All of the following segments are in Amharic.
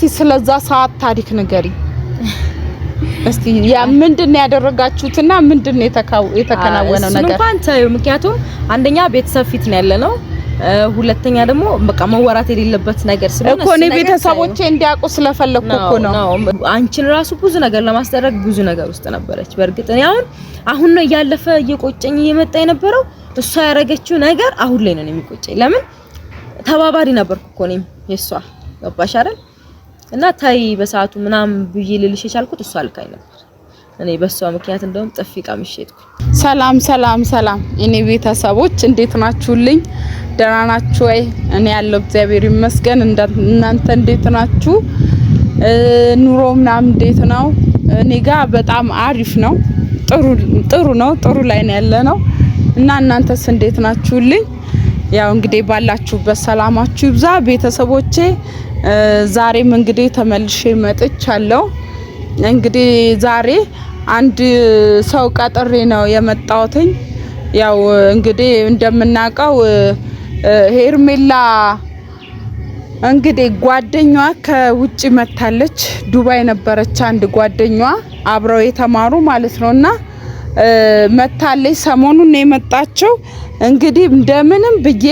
እስቲ ስለዛ ሰዓት ታሪክ ንገሪ እስቲ። ያ ምንድን ነው ያደረጋችሁትና ምንድን ነው የተከናወነው ነገር? እንኳን ታዩ። ምክንያቱም አንደኛ ቤተሰብ ፊት ነው ያለ ነው። ሁለተኛ ደግሞ በቃ መወራት የሌለበት ነገር ስለሆነ እኮ እኔ ቤተሰቦቼ እንዲያውቁ ስለፈለኩ እኮ ነው። አንቺን ራሱ ብዙ ነገር ለማስደረግ ብዙ ነገር ውስጥ ነበረች። በእርግጥ እኔ አሁን አሁን ነው እያለፈ እየቆጨኝ እየመጣ የነበረው እሷ ያደረገችው ነገር አሁን ላይ ነው የሚቆጨኝ። ለምን ተባባሪ ነበርኩ እኮ እኔም የሷ ገባሽ አይደል? እና ታይ በሰዓቱ ምናምን ብዬ ልልሽ የቻልኩት እሷ ልካኝ ነበር። እኔ በሷ ምክንያት እንደውም ጥፊ ቀምሼ ሰላም ሰላም ሰላም፣ እኔ ቤተሰቦች እንዴት ናችሁልኝ? ደህና ናችሁ ወይ? እኔ ያለው እግዚአብሔር ይመስገን። እናንተ እንዴት ናችሁ? ኑሮ ምናምን እንዴት ነው? እኔ ጋ በጣም አሪፍ ነው። ጥሩ ጥሩ ነው። ጥሩ ላይ ነው ያለ ነው እና እናንተስ እንዴት ናችሁልኝ? ያው እንግዲህ ባላችሁበት ሰላማችሁ ይብዛ ቤተሰቦቼ ዛሬም እንግዲህ ተመልሼ መጥቻለሁ። እንግዲህ ዛሬ አንድ ሰው ቀጥሬ ነው የመጣሁትኝ። ያው እንግዲህ እንደምናውቀው ሄርሜላ እንግዲህ ጓደኛዋ ከውጭ መታለች። ዱባይ ነበረች አንድ ጓደኛዋ አብረው የተማሩ ማለት ነውና መታለች። ሰሞኑን ነው የመጣችው። እንግዲህ እንደምንም ብዬ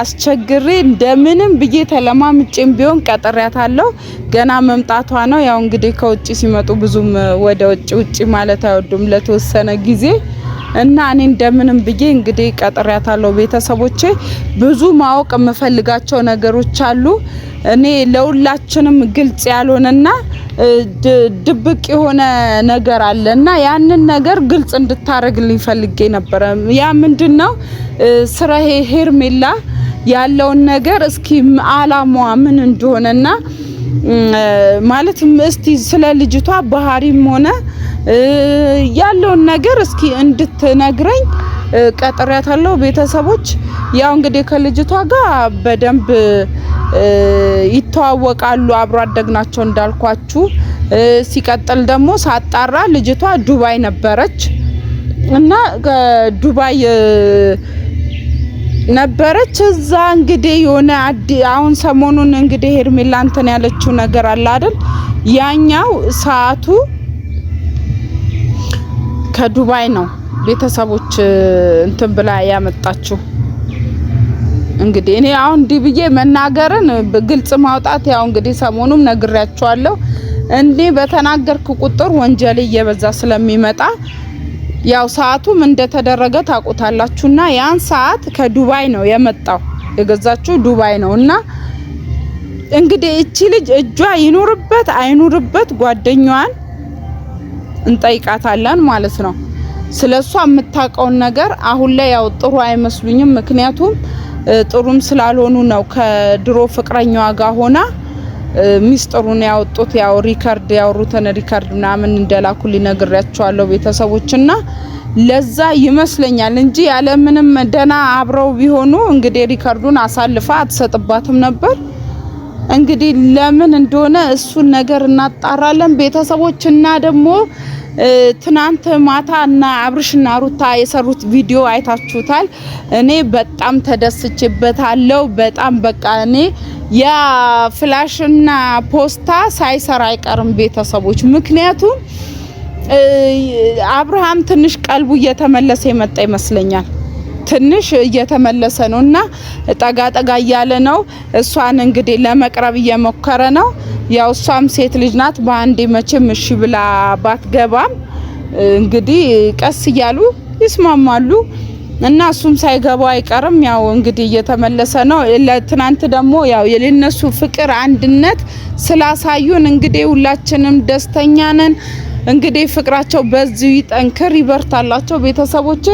አስቸግሬ እንደምንም ብዬ ተለማምጬም ቢሆን ቀጥሬያታለሁ። ገና መምጣቷ ነው። ያው እንግዲህ ከውጭ ሲመጡ ብዙም ወደ ውጭ ውጭ ማለት አይወዱም ለተወሰነ ጊዜ እና እኔ እንደምንም ብዬ እንግዲህ ቀጥሬያታለሁ። ቤተሰቦቼ ብዙ ማወቅ የምፈልጋቸው ነገሮች አሉ። እኔ ለሁላችንም ግልጽ ያልሆነና ድብቅ የሆነ ነገር አለ እና ያንን ነገር ግልጽ እንድታደርግልኝ ፈልጌ ነበረ። ያ ምንድን ነው ስራ ሄርሜላ ያለውን ነገር እስኪ አላማዋ ምን እንደሆነና ማለት እስቲ ስለ ልጅቷ ባህሪም ሆነ ያለውን ነገር እስኪ እንድትነግረኝ ቀጥሬያታለሁ። ቤተሰቦች ያው እንግዲህ ከልጅቷ ጋር በደንብ ይተዋወቃሉ። አብሮ አደግ ናቸው እንዳልኳችሁ። ሲቀጥል ደግሞ ሳጣራ ልጅቷ ዱባይ ነበረች እና ዱባይ ነበረች እዛ እንግዲህ የሆነ አሁን ሰሞኑን እንግዲህ ሄርሜላ እንትን ያለችው ነገር አለ አይደል? ያኛው ሰዓቱ ከዱባይ ነው። ቤተሰቦች እንትን ብላ ያመጣችሁ። እንግዲህ እኔ አሁን እንዲህ ብዬ መናገርን ግልጽ ማውጣት ያው እንግዲህ ሰሞኑም ነግሬያችኋለሁ። እንዴ በተናገርክ ቁጥር ወንጀል እየበዛ ስለሚመጣ ያው ሰዓቱም እንደተደረገ ታውቁታላችሁና ያን ሰዓት ከዱባይ ነው የመጣው የገዛችሁ ዱባይ ነው እና እንግዲህ እቺ ልጅ እጇ ይኑርበት አይኑርበት ጓደኛዋን እንጠይቃታለን ማለት ነው። ስለ እሷ የምታውቀውን ነገር አሁን ላይ ያው ጥሩ አይመስሉኝም። ምክንያቱም ጥሩም ስላልሆኑ ነው። ከድሮ ፍቅረኛዋ ጋር ሆና ሚስጥሩን ያወጡት ያው ሪከርድ ያወሩትን ሪከርድ ምናምን እንደላኩ ቤተሰቦች ቤተሰቦችና ለዛ ይመስለኛል እንጂ ያለምንም ደና አብረው ቢሆኑ እንግዲህ ሪከርዱን አሳልፋ አትሰጥባትም ነበር። እንግዲህ ለምን እንደሆነ እሱን ነገር እናጣራለን ቤተሰቦች እና ደግሞ ትናንት ማታ እና አብርሽና ሩታ የሰሩት ቪዲዮ አይታችሁታል። እኔ በጣም ተደስቼበታለሁ። በጣም በቃ እኔ የፍላሽና ፖስታ ሳይሰራ አይቀርም ቤተሰቦች። ምክንያቱም አብርሃም ትንሽ ቀልቡ እየተመለሰ የመጣ ይመስለኛል። ትንሽ እየተመለሰ ነው እና ጠጋ ጠጋ እያለ ነው። እሷን እንግዲህ ለመቅረብ እየሞከረ ነው። ያው እሷም ሴት ልጅ ናት። በአንዴ መቼም እሺ ብላ ባትገባም እንግዲህ ቀስ እያሉ ይስማማሉ እና እሱም ሳይገባው አይቀርም። ያው እንግዲህ እየተመለሰ ነው። ለትናንት ደግሞ ያው የነሱ ፍቅር አንድነት ስላሳዩን እንግዲህ ሁላችንም ደስተኛ ነን። እንግዲህ ፍቅራቸው በዚሁ ይጠንክር ይበርታላቸው። ቤተሰቦች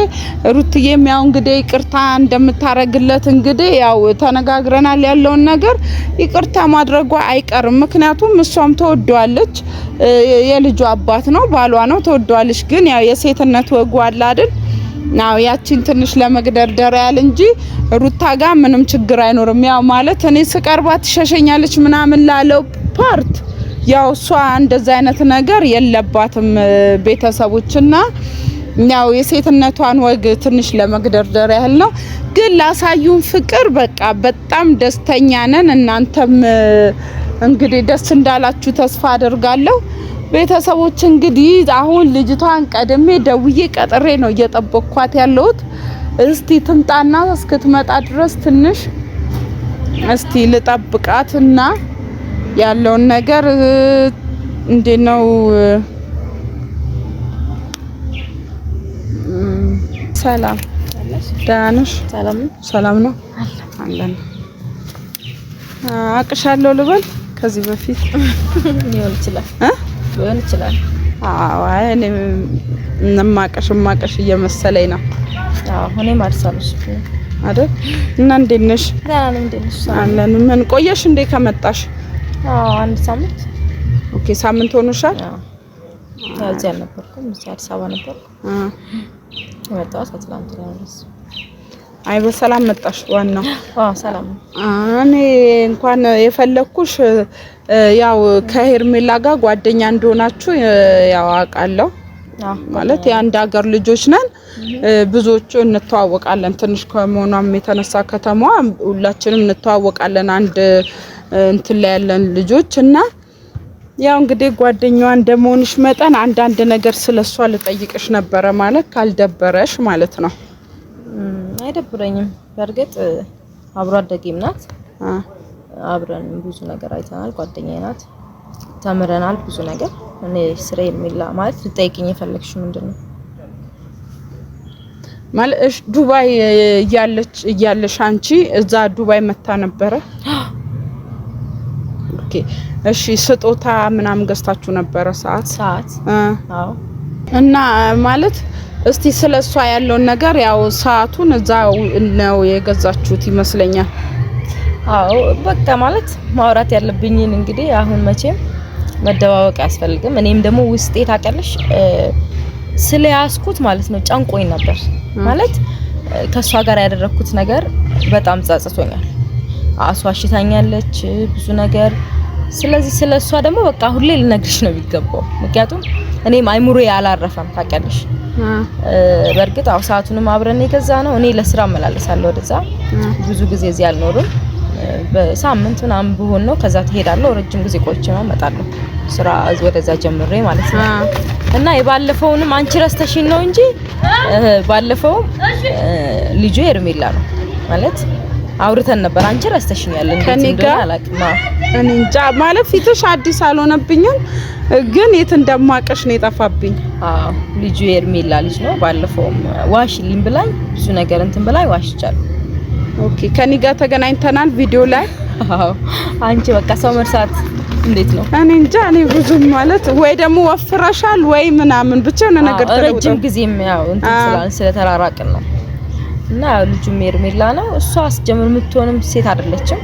ሩትዬም ያው እንግዲህ ይቅርታ እንደምታረግለት እንግዲህ ያው ተነጋግረናል። ያለውን ነገር ይቅርታ ማድረጓ አይቀርም። ምክንያቱም እሷም ተወደዋለች፣ የልጁ አባት ነው፣ ባሏ ነው፣ ተወደዋለች። ግን ያው የሴትነት ወጉ አለ አይደል ናው ያቺን ትንሽ ለመግደርደር ያል እንጂ ሩታ ጋር ምንም ችግር አይኖርም። ያው ማለት እኔ ስቀርባት ትሸሸኛለች ምናምን ላለው ፓርት ያው እሷ እንደዛ አይነት ነገር የለባትም ቤተሰቦችና ያው የሴትነቷን ወግ ትንሽ ለመግደርደር ያህል ነው። ግን ላሳዩን ፍቅር በቃ በጣም ደስተኛ ነን። እናንተም እንግዲህ ደስ እንዳላችሁ ተስፋ አድርጋለሁ ቤተሰቦች እንግዲህ አሁን ልጅቷን ቀድሜ ደውዬ ቀጥሬ ነው እየጠበቅኳት ያለሁት። እስቲ ትምጣና እስክትመጣ ድረስ ትንሽ እስቲ ልጠብቃትና ያለውን ነገር እንዴት ነው ሰላም ደህና ነሽ ሰላም ነው አለን አቅሻለሁ ልበል ከዚህ በፊት ሊሆን ይችላል እ ሊሆን ይችላል አዎ አይ እኔ እማቅሽ እማቅሽ እየመሰለኝ ነው አዎ እኔም አርሳለሁ አይደል እና እንዴት ነሽ ደህና ነኝ እንዴት ነሽ አለን ምን ቆየሽ እንዴ ከመጣሽ አንድ ሳምንት ኦኬ፣ ሳምንት ሆኖሻል? እዚህ አልነበርኩም፣ እዚህ አዲስ አበባ ነበርኩ። የመጣሁት አትላንትና ነው። አይ በሰላም መጣሽ። ዋናው ሰላም። እኔ እንኳን የፈለግኩሽ ያው ከሄርሜላ ጋር ጓደኛ እንደሆናችሁ ያው አውቃለሁ ማለት የአንድ ሀገር ልጆች ነን። ብዙዎቹ እንተዋወቃለን። ትንሽ ከመሆኗም የተነሳ ከተማዋ ሁላችንም እንተዋወቃለን። አንድ እንትን ላይ ያለን ልጆች እና ያው እንግዲህ ጓደኛዋ እንደመሆንሽ መጠን አንዳንድ ነገር ስለሷ ልጠይቅሽ ነበረ ማለት ካልደበረሽ ማለት ነው። አይደብረኝም። በእርግጥ አብሮ አደጌም ናት። አብረን ብዙ ነገር አይተናል። ጓደኛዬ ናት። ተምረናል ብዙ ነገር። እኔ ስራ የሚላ ማለት ልጠይቅኝ የፈለግሽው ምንድን ነው ማለት ዱባይ እያለች እያለሽ አንቺ እዛ ዱባይ መታ ነበረ። ኦኬ እሺ፣ ስጦታ ምናምን ገዝታችሁ ነበረ ሰዓት ሰዓት? አዎ። እና ማለት እስቲ ስለ እሷ ያለውን ነገር ያው ሰዓቱን እዛ ነው የገዛችሁት ይመስለኛል። አዎ በቃ ማለት ማውራት ያለብኝን እንግዲህ አሁን መቼም መደባወቅ አያስፈልግም። እኔም ደግሞ ውስጤ ታውቂያለሽ ስለያዝኩት ማለት ነው ጨንቆኝ ነበር ማለት ከእሷ ጋር ያደረግኩት ነገር በጣም ጸጽቶኛል። እሷ አሽታኛለች ብዙ ነገር። ስለዚህ ስለ እሷ ደግሞ በቃ ሁሌ ልነግርሽ ነው የሚገባው። ምክንያቱም እኔም አይምሮ አላረፈም ታውቂያለሽ። በእርግጥ አው ሰዓቱንም አብረን የገዛ ነው። እኔ ለስራ እመላለሳለሁ ወደዛ፣ ብዙ ጊዜ እዚህ አልኖርም። በሳምንት ምናምን ብሆን ነው። ከዛ ትሄዳለሁ። ረጅም ጊዜ ቆይቼ ነው እመጣለሁ። ስራ ወደዛ ጀምሬ ማለት ነው። እና የባለፈውንም አንቺ ረስተሽኝ ነው እንጂ ባለፈው ልጁ ሄርሜላ ነው ማለት አውርተን ነበር። አንቺ ረስተሽኛል እንዴ? አላውቅም እኔ እንጃ። ማለት ፊትሽ አዲስ አልሆነብኝም፣ ግን የት እንደማቀሽ ነው የጠፋብኝ። አዎ ልጁ ሄርሜላ ልጅ ነው። ባለፈውም ዋሽልኝ ብላኝ ብዙ ነገር እንትን ብላኝ ዋሽቻለሁ። ኦኬ ከኔ ጋር ተገናኝተናል ቪዲዮ ላይ አዎ፣ አንቺ በቃ ሰው መርሳት እንዴት ነው? እኔ እንጃ። እኔ ብዙ ማለት ወይ ደግሞ ወፍረሻል ወይ ምናምን ብቻ የሆነ ነገር ተለውጣ ረጅም ጊዜም ያው እንትን ስለተራራቅን ነው። እና ያው ልጁ ሜርሜላ ነው። እሷ አስጀምር የምትሆንም ሴት አይደለችም።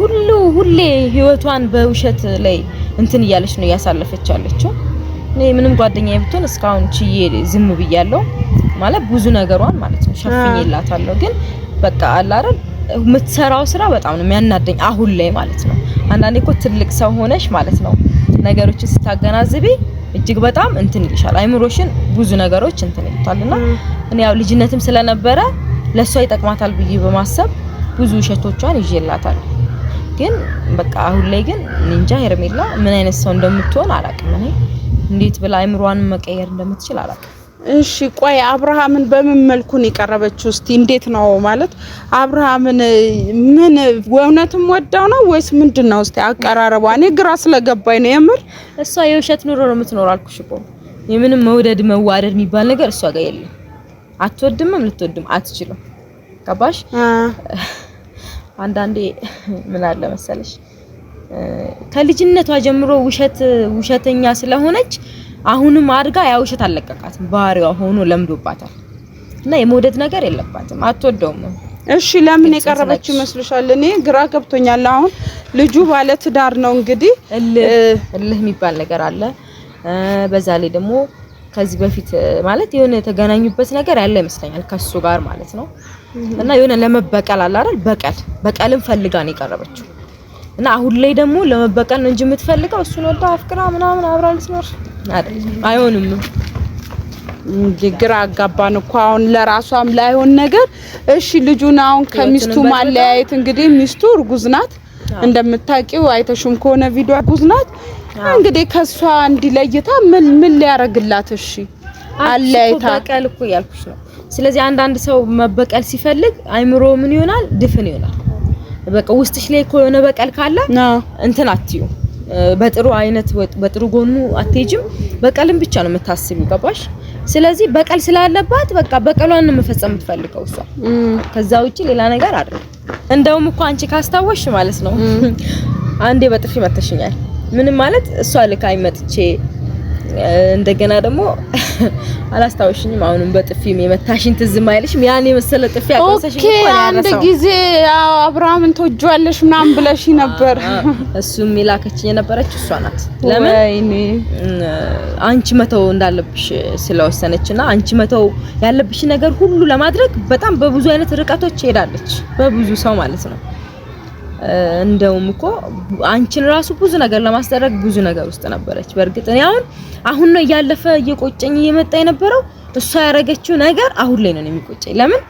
ሁሉ ሁሌ ህይወቷን በውሸት ላይ እንትን እያለች ነው እያሳለፈች ያለችው። እኔ ምንም ጓደኛዬ ብትሆን እስካሁን ችዬ ዝም ብያለሁ ማለት ብዙ ነገሯን ማለት ነው ሸፍኝላታለሁ፣ ግን በቃ አለ አይደል የምትሰራው ስራ በጣም ነው የሚያናደኝ አሁን ላይ ማለት ነው። አንዳንዴ እኮ ትልቅ ሰው ሆነሽ ማለት ነው ነገሮችን ስታገናዝቢ እጅግ በጣም እንትን ይልሻል። አይምሮሽን ብዙ ነገሮች እንትን ይሉታልና እኔ ያው ልጅነትም ስለነበረ ለሷ ይጠቅማታል ብዬ በማሰብ ብዙ ውሸቶቿን ይዤላታል። ግን በቃ አሁን ላይ ግን እንጃ ሄርሜላ ምን አይነት ሰው እንደምትሆን አላቅም። እኔ እንዴት ብላ አይምሯን መቀየር እንደምትችል አላቅም። እሺ ቆይ አብርሃምን በምን መልኩ ነው የቀረበችው? እስቲ እንዴት ነው ማለት አብርሃምን ምን እውነትም ወዳው ነው ወይስ ምንድን ነው? እስቲ አቀራረቧ እኔ ግራ ስለገባኝ ነው የምር። እሷ የውሸት ኑሮ ነው የምትኖረው አልኩሽ እኮ የምንም መውደድ መዋደድ የሚባል ነገር እሷ ጋር የለም። አትወድምም፣ ልትወድም አትችልም። ገባሽ? አንዳንዴ ምን አለ መሰለሽ ከልጅነቷ ጀምሮ ውሸት ውሸተኛ ስለሆነች አሁንም አድጋ ያ ውሸት አለቀቃትም። ባህሪዋ ሆኖ ለምዶባታል እና የመውደድ ነገር የለባትም። አትወደውም። እሺ ለምን የቀረበች ይመስልሻል? እኔ ግራ ገብቶኛል። አሁን ልጁ ባለ ትዳር ነው እንግዲህ እልህ የሚባል ነገር አለ። በዛ ላይ ደግሞ ከዚህ በፊት ማለት የሆነ የተገናኙበት ነገር ያለ ይመስለኛል ከሱ ጋር ማለት ነው እና የሆነ ለመበቀል አለ አይደል? በቀል በቀልም ፈልጋ ነው የቀረበችው እና አሁን ላይ ደግሞ ለመበቀል ነው እንጂ የምትፈልገው እሱን ወልዳ አፍቅራ ምናምን አብራ ልትኖር አይሆንም። ግራ አጋባን እኮ አሁን ለራሷም ላይሆን ነገር። እሺ ልጁን አሁን ከሚስቱ ማለያየት እንግዲህ ሚስቱ እርጉዝ ናት እንደምታውቂው፣ አይተሹም ከሆነ ቪዲዮ እርጉዝ ናት። እንግዲህ ከሷ እንዲለይታ ምን ምን ሊያረግላት? እሺ አለያይታ በቀል እኮ ያልኩሽ ነው። ስለዚህ አንዳንድ ሰው መበቀል ሲፈልግ አይምሮ ምን ይሆናል? ድፍን ይሆናል። በቃ ውስጥሽ ላይ ኮሆነ በቀል ካለ እንትን አትዩ። በጥሩ አይነት በጥሩ ጎኑ አትሄጂም። በቀልም ብቻ ነው የምታስቢው ገባሽ? ስለዚህ በቀል ስላለባት በቃ በቀሏን መፈጸም የምትፈልገው እሷ። ከዛ ውጪ ሌላ ነገር አይደለም። እንደውም እኮ አንቺ ካስታወሽ ማለት ነው አንዴ በጥፊ መተሽኛል። ምንም ማለት እሷ ልክ አይመጥቼ እንደገና ደግሞ አላስታውሽኝም። አሁንም በጥፊም የመታሽን ትዝ ማይልሽም? ያን የመሰለ ጥፊ አቆሰሽኝ እንኳን አንድ ጊዜ አብርሃምን ምናምን ብለሽ ነበር። እሱም የላከችኝ የነበረች እሷ ናት። ለምን አንቺ መተው እንዳለብሽ ስለወሰነችና አንቺ መተው ያለብሽ ነገር ሁሉ ለማድረግ በጣም በብዙ አይነት ርቀቶች ሄዳለች፣ በብዙ ሰው ማለት ነው እንደውም እኮ አንቺን ራሱ ብዙ ነገር ለማስደረግ ብዙ ነገር ውስጥ ነበረች። በእርግጥ እኔ አሁን አሁን ነው እያለፈ እየቆጨኝ እየመጣ የነበረው እሷ ያረገችው ነገር አሁን ላይ ነው የሚቆጨኝ። ለምን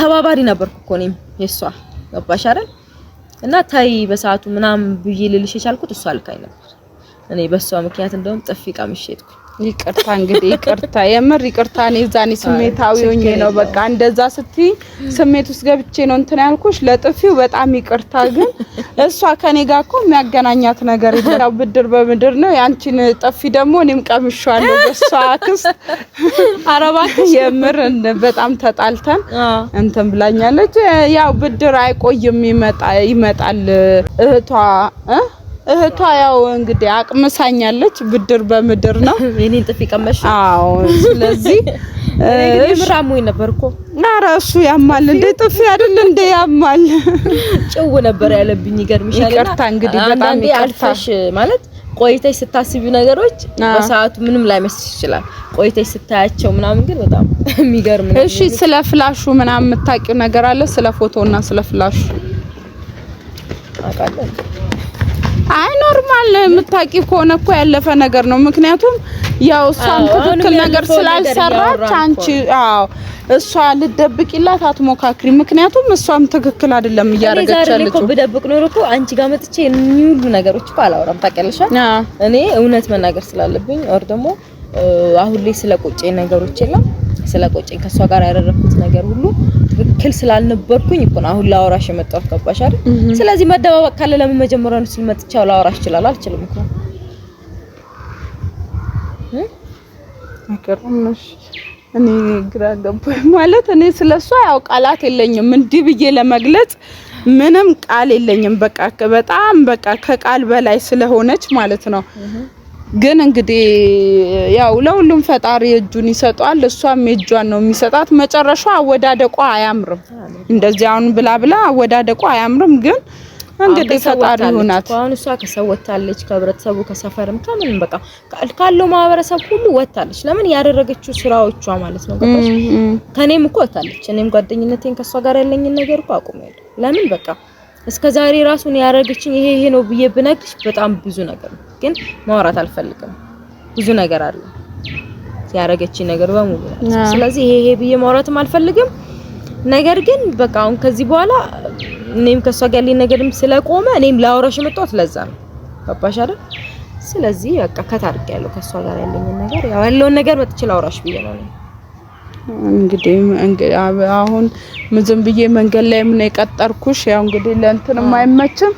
ተባባሪ ነበርኩ እኮ እኔም የሷ ገባሽ አይደል? እና ታይ በሰዓቱ ምናምን ብዬ ልልሽ የቻልኩት እሷ አልካኝ ነበር። እኔ በሷ ምክንያት እንደውም ጥፊ ቀምሼ ሄድኩኝ። ይቅርታ እንግዲህ ይቅርታ፣ የምር ይቅርታ። እኔ እዛኔ ስሜታዊ ሆኜ ነው በቃ እንደዛ ስትይ ስሜት ውስጥ ገብቼ ነው እንትን ያልኩሽ። ለጥፊው በጣም ይቅርታ። ግን እሷ ከኔ ጋር እኮ የሚያገናኛት ነገር የለም። ብድር በምድር ነው። ያንቺን ጥፊ ደግሞ እኔም ቀምሼዋለሁ በሷ አክስት። አረባት። እባክሽ የምር በጣም ተጣልተን እንትን ብላኛለች። ያው ብድር አይቆይም፣ ይመጣል ይመጣል እህቷ እህቷ ያው እንግዲህ አቅምሳኛለች። ብድር በምድር ነው። የኔን ጥፊ ቀመሽ? አዎ። ስለዚህ ምራሙኝ ነበር እኮ ኧረ እሱ ያማል እንዴ! ጥፊ አይደል እንዴ? ያማል። ጭው ነበር ያለብኝ። ይገርምሻል። ይቅርታ እንግዲህ በጣም ይቅርታሽ ማለት ቆይተሽ ስታስቢው ነገሮች በሰዓቱ ምንም ላይመስልሽ ይችላል። ቆይተሽ ስታያቸው ምናምን ግን በጣም የሚገርም ነው። እሺ፣ ስለ ፍላሹ ምናምን የምታውቂው ነገር አለ? ስለ ፎቶና ስለ ፍላሹ አውቃለሁ። አይ ኖርማል የምታቂ ከሆነ እኮ ያለፈ ነገር ነው። ምክንያቱም ያው እሷም ትክክል ነገር ስላልሰራች አንቺ አዎ እሷ ልትደብቂላት አትሞካክሪ። ምክንያቱም እሷም ትክክል አይደለም እያደረገች ያለችው። እኮ ብደብቅ ኖሮ እኮ አንቺ ጋር መጥቼ ሁሉ ነገሮች እኮ አላወራም። ታውቂያለሽ እኔ እውነት መናገር ስላለብኝ ኦር ደግሞ አሁን ላይ ስለቆጨኝ ነገሮች የለም ስለቆጨኝ ከእሷ ጋር ያደረኩት ነገር ሁሉ ትክክል ስላልነበርኩኝ እኮ ነው አሁን ላወራሽ የመጣሁት። ገባሽ አይደል? ስለዚህ መደባበቅ ካለ ለምን መጀመሪያ ነው ስለመጥቻው ላወራሽ ይችላል። አልችልም እኮ አቀርምሽ እኔ ግራ ገባኝ። ማለት እኔ ስለሷ ያው ቃላት የለኝም እንዲህ ብዬ ለመግለጽ ምንም ቃል የለኝም። በቃ በጣም በቃ ከቃል በላይ ስለሆነች ማለት ነው ግን እንግዲህ ያው ለሁሉም ፈጣሪ እጁን ይሰጧል። እሷም እጇን ነው የሚሰጣት። መጨረሻ አወዳደቋ አያምርም። እንደዚህ አሁን ብላ ብላ አወዳደቋ አያምርም። ግን እንግዲህ ፈጣሪ ይሆናት። አሁን እሷ ከሰው ወታለች፣ ከህብረተሰቡ ከሰፈርም ከምንም በቃ ካለው ማህበረሰብ ሁሉ ወጣለች። ለምን ያደረገችው ስራዎቿ ማለት ነው። ከኔም እኮ ወጣለች። እኔም ጓደኝነቴን ከሷ ጋር ያለኝን ነገር እኮ አቁሜያለሁ። ለምን በቃ እስከ ዛሬ ራሱን ያደረገችን ይሄ ይሄ ነው ብዬ ብነግርሽ በጣም ብዙ ነገር ነው፣ ግን ማውራት አልፈልግም። ብዙ ነገር አለ ያደረገችን ነገር በሙሉ። ስለዚህ ይሄ ይሄ ብዬ ማውራትም አልፈልግም። ነገር ግን በቃ አሁን ከዚህ በኋላ እኔም ከሷ ጋር ያለኝ ነገርም ስለቆመ እኔም ላወራሽ የመጣሁት ለዛ ነው። ገባሽ አይደል? ስለዚህ በቃ ከታርቅ ያለው ከሷ ጋር ያለኝን ነገር ያው ያለውን ነገር መጥቼ ላወራሽ ብዬ ነው። እንግዲህ አሁን ምዝም ብዬ መንገድ ላይ ምን የቀጠርኩሽ ያው እንግዲህ ለእንትን አይመችም፣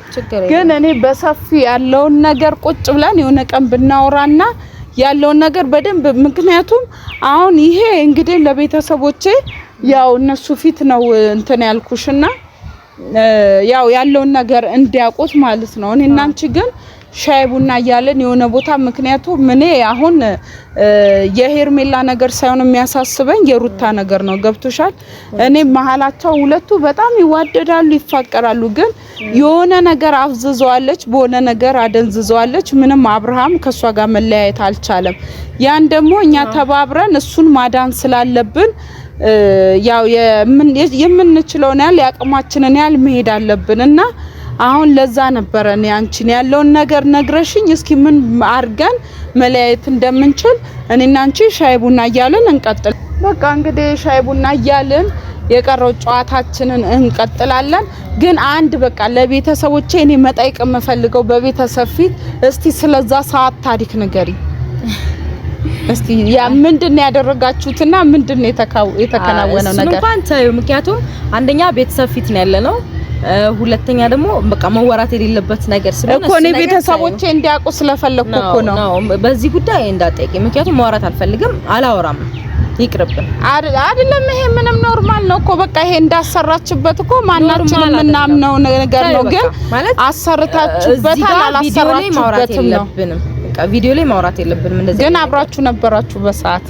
ግን እኔ በሰፊ ያለውን ነገር ቁጭ ብለን የሆነ ቀን ብናወራና ያለውን ነገር በደንብ ምክንያቱም አሁን ይሄ እንግዲህ ለቤተሰቦቼ ያው እነሱ ፊት ነው እንትን ያልኩሽና ያው ያለውን ነገር እንዲያውቁት ማለት ነው። እኔ እናንቺ ግን ሻይ ቡና እያለን የሆነ ቦታ ምክንያቱ ምኔ አሁን የሄርሜላ ነገር ሳይሆን የሚያሳስበኝ የሩታ ነገር ነው። ገብቶሻል። እኔ መሀላቸው ሁለቱ በጣም ይዋደዳሉ፣ ይፋቀራሉ። ግን የሆነ ነገር አፍዝዘዋለች፣ በሆነ ነገር አደንዝዘዋለች። ምንም አብርሃም ከእሷ ጋር መለያየት አልቻለም። ያን ደግሞ እኛ ተባብረን እሱን ማዳን ስላለብን ያው የምንችለውን ያህል የአቅማችንን ያህል መሄድ አለብን እና አሁን ለዛ ነበረ እኔ አንቺን ያለውን ነገር ነግረሽኝ እስኪ ምን አድርገን መለያየት እንደምንችል እኔና አንቺ ሻይ ቡና እያልን እንቀጥል። በቃ እንግዲህ ሻይ ቡና እያልን የቀረው ጨዋታችንን እንቀጥላለን። ግን አንድ በቃ ለቤተሰቦቼ እኔ መጠየቅ የምፈልገው በቤተሰብ ፊት እስቲ ስለዛ ሰዓት ታሪክ ንገሪ እስቲ። ያ ምንድን ነው ያደረጋችሁትና ምንድን ነው የተከናወነው ነገር እንኳን ታዩ። ምክንያቱም አንደኛ ቤተሰብ ፊት ነው ያለነው ሁለተኛ ደግሞ በቃ መወራት የሌለበት ነገር ስለሆነ እኮ እኔ ቤተሰቦቼ እንዲያውቁ ስለፈለኩ እኮ ነው። በዚህ ጉዳይ እንዳጠቂ ምክንያቱም መወራት አልፈልግም፣ አላወራም፣ ይቅርብን። አይደለም ይሄ ምንም ኖርማል ነው እኮ በቃ ይሄ እንዳሰራችበት እኮ ማናችንም የምናምነው ነገር ነው። ግን አሰርታችሁበታል አላሰራችሁበትም ነው። ቪዲዮ ላይ ማውራት የለብንም እንደዚህ። ግን አብራችሁ ነበራችሁ በሰዓት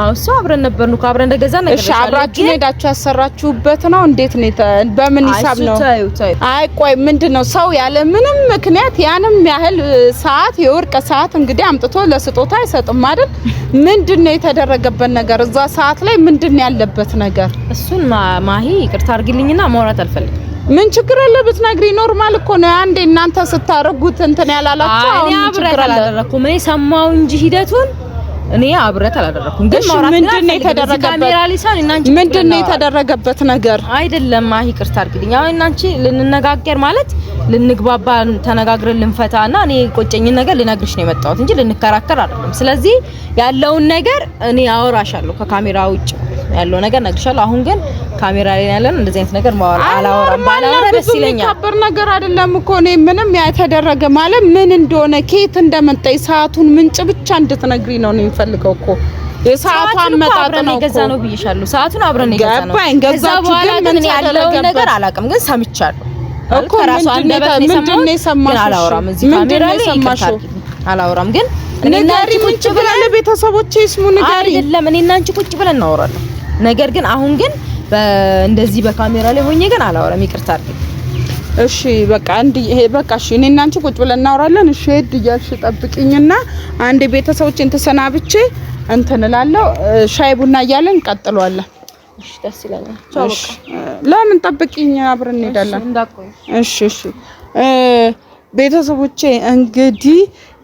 አዎ እሱ አብረን ነበርን እኮ አብረን እንደገዛ ነገር። እሺ አብራችሁ ሄዳችሁ ያሰራችሁበት ነው? እንዴት ነው? በምን ሂሳብ ነው? አይ ቆይ ምንድነው ሰው ያለ ምንም ምክንያት ያንም ያህል ሰዓት የወርቅ ሰዓት እንግዲህ አምጥቶ ለስጦታ አይሰጥም አይደል? ምንድነው የተደረገበት ነገር? እዛ ሰዓት ላይ ምንድነው ያለበት ነገር? እሱን ማሂ ይቅርታ አድርግልኝና ማውራት አልፈልግም። ምን ችግር አለ ብትነግሪኝ? ኖርማል እኮ ነው። አንዴ እናንተ ስታረጉት እንትን ያላላችሁ አሁን ችግር አለ። እኔ ሰማው እንጂ ሂደቱን እኔ አብረት አላደረኩም፣ ግን ማውራት ምንድን ነው የተደረገበት? ምንድን ነው የተደረገበት ነገር አይደለም። አይ ይቅርታ አድርግልኝ። አሁን እና ልንነጋገር ማለት ልንግባባ፣ ተነጋግረን ልንፈታ እና እኔ ቆጨኝን ነገር ልነግርሽ ነው የመጣሁት እንጂ ልንከራከር አይደለም። ስለዚህ ያለውን ነገር እኔ አወራሻለሁ ከካሜራ ውጭ ያለው ነገር ነግርሻለሁ። አሁን ግን ካሜራ ላይ ያለን እንደዚህ አይነት ነገር ማወራ አላወራም። ባላወራ ደስ ይለኛል። ከባድ ነገር አይደለም እኮ እኔ ምንም ያተደረገ ማለት ምን እንደሆነ ከየት እንደመጣ የሰዓቱን ምንጭ ብቻ እንድትነግሪ ነው ነው የሚፈልገው እኮ የሰዓቱ አመጣጥ ነው ገዛ ነው ብዬሻለሁ። ሰዓቱን አብረን ይገዛ ነው ገባኝ። ገዛችሁ ግን ምን ያለው ነገር አላውቅም፣ ግን ሰምቻለሁ እኮ ምንድን ነው የሰማሽው? ምንድን ነው የሰማሽው? አላወራም ግን እኔ ቁጭ ብለን ለቤተሰቦቼ ይስሙ። ንገሪ አይደለም እኔ እና አንቺ ቁጭ ብለን እናወራለን። ነገር ግን አሁን ግን እንደዚህ በካሜራ ላይ ሆኜ ግን አላወራም። ይቅርታ አድርገኝ። እሺ በቃ አንድ ይሄ በቃ እሺ፣ እኔ አንቺ ቁጭ ብለን እናወራለን። እሺ ሄድ እያልሽ ጠብቂኝና አንድ ቤተሰቦችን ተሰናብቼ እንትን እላለሁ። ሻይ ቡና እያለን እንቀጥለዋለን። እሺ ደስ ይለኛል። ለምን ጠብቂኝ፣ አብረን እንሄዳለን። እሺ እሺ ቤተሰቦቼ እንግዲህ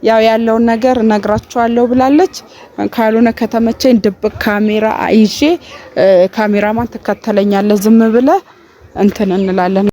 ያው ያለውን ነገር እነግራችኋለሁ ብላለች። ካልሆነ ከተመቸኝ ድብቅ ካሜራ ይዤ ካሜራማን ትከተለኛለህ፣ ዝም ብለህ እንትን እንላለን።